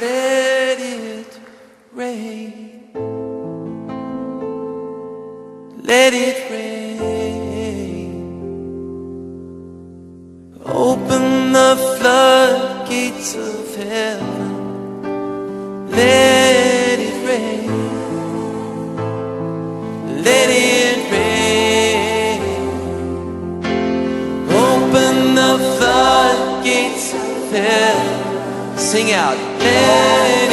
Let it rain. Let it rain. Open the floodgates of heaven. Let it rain. Let it rain. Open the floodgates of heaven. Sing out. Hey.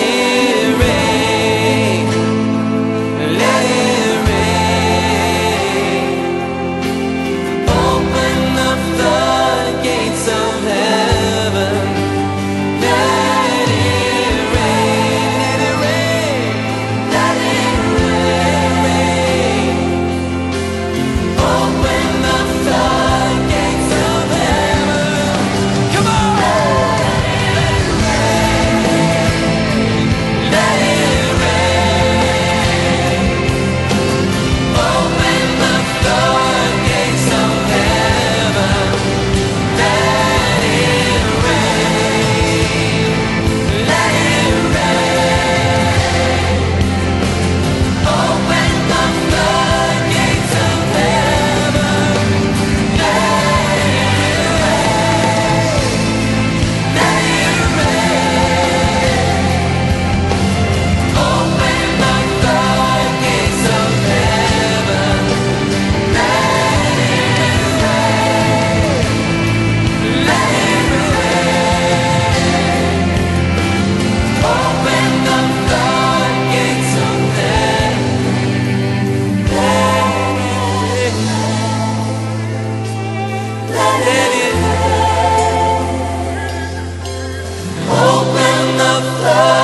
love.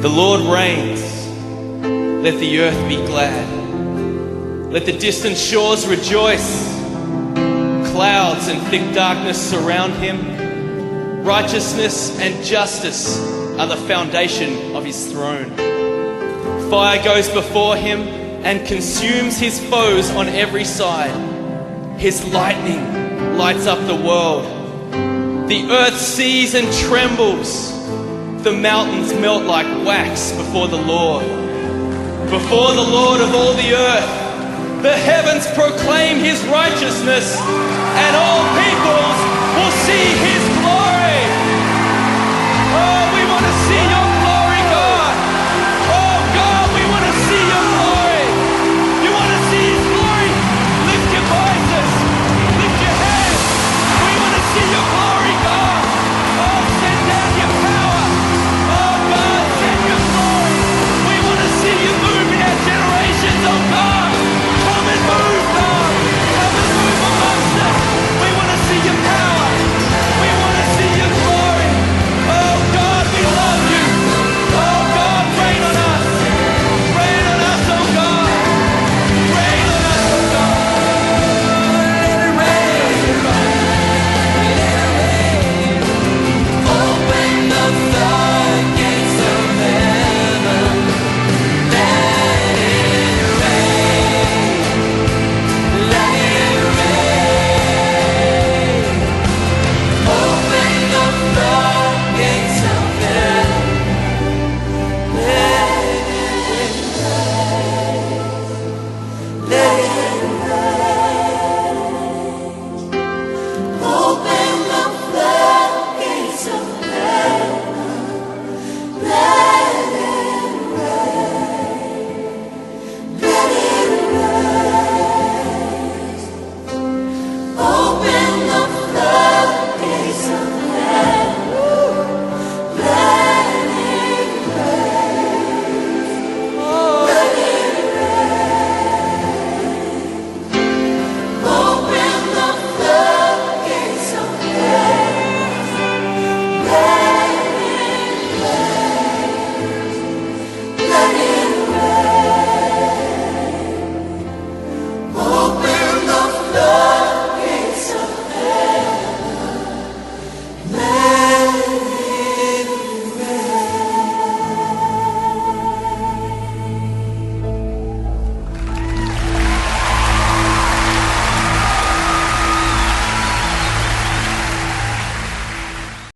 The Lord reigns. Let the earth be glad. Let the distant shores rejoice. Clouds and thick darkness surround him. Righteousness and justice are the foundation of his throne. Fire goes before him and consumes his foes on every side. His lightning lights up the world. The earth sees and trembles. The mountains melt like wax before the Lord. Before the Lord of all the earth, the heavens proclaim his righteousness, and all peoples will see his.